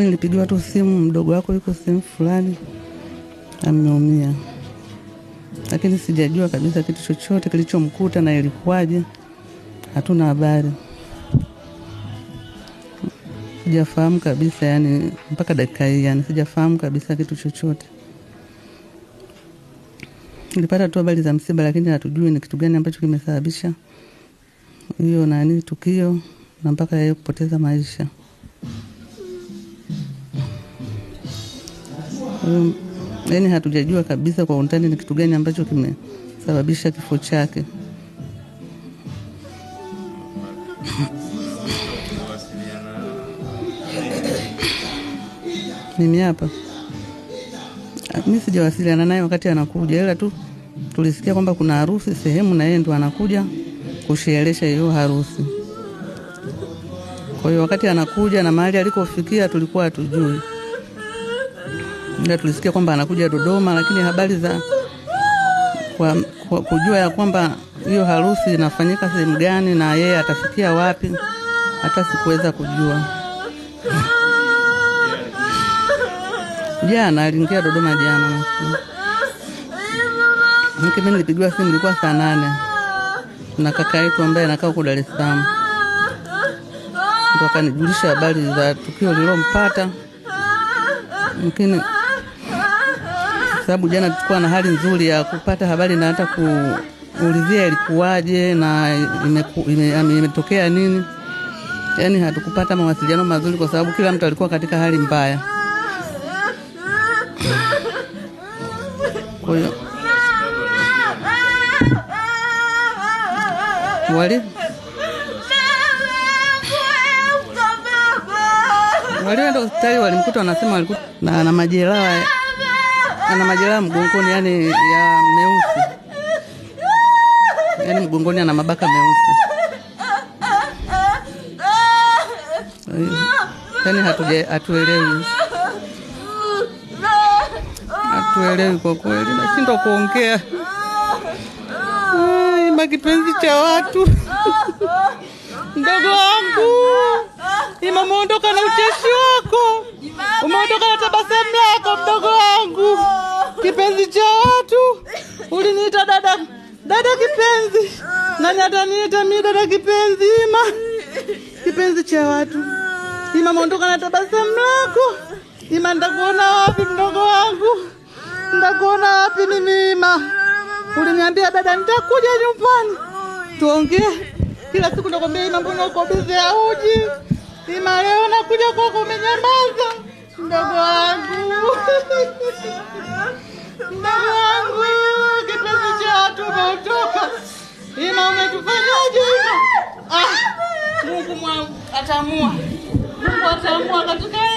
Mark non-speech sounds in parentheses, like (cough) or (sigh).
Nilipigiwa tu simu, mdogo wako yuko sehemu fulani ameumia, lakini sijajua kabisa kitu chochote kilichomkuta na ilikuwaje, hatuna habari, sijafahamu kabisa yani mpaka dakika hii, yani sijafahamu kabisa kitu chochote. Nilipata tu habari za msiba, lakini hatujui ni kitu gani ambacho kimesababisha hiyo nani tukio na mpaka yeye kupoteza maisha. Um, mm. yani hatujajua kabisa kwa undani ni kitu gani ambacho kimesababisha kifo chake. (coughs) Mimi hapa mi sijawasiliana naye wakati anakuja, ila tu tulisikia kwamba kuna harusi sehemu, na yeye ndo anakuja kusherehesha hiyo harusi. Kwa hiyo wakati anakuja na mahali alikofikia tulikuwa hatujui muda tulisikia kwamba anakuja Dodoma, lakini habari za kwa, kwa kujua ya kwamba hiyo harusi inafanyika sehemu gani na yeye atafikia wapi, hata sikuweza kujua. Jana aliingia Dodoma jana, mke mimi nilipigiwa simu, ilikuwa saa nane na kaka yetu ambaye anakaa huko Dar es Salaam, ndo akanijulisha habari za tukio lililompata mkini sababu jana tulikuwa na hali nzuri ya kupata habari na hata kuulizia ilikuwaje na imetokea ime, ime, ime nini. Yaani hatukupata mawasiliano mazuri kwa sababu kila mtu alikuwa katika hali mbaya. Kwa hiyo wali walienda hospitali, walimkuta wanasema walikuta na, na majeraha ana majeraha mgongoni, yani ya meusi, yani mgongoni ana mabaka meusi. Yani hatuja hatuelewi, hatuelewi kwa kweli, nashindwa kuongea ima kipenzi cha watu mdogo wangu ima, umeondoka na ucheshi wako, umeondoka na tabasamu lako Kipenzi cha watu uliniita dada, dada kipenzi. Nani ataniita mimi dada kipenzi? Ima kipenzi cha watu Ima, mondoka na tabasamu lako Ima, ndakuona wapi mdogo wangu? Ndakuona wapi mimi Ima? Uliniambia dada, nitakuja nyumbani tuongee kila siku. Nakwambia Ima, mbona uko bize uji Ima, leo nakuja kwako, umenyamaza mdogo wangu. Mungu, kipenzi cha umetoka. Ila umetufanyaje hivyo? Ah, Mungu mwangu atamua. Mungu atamua katika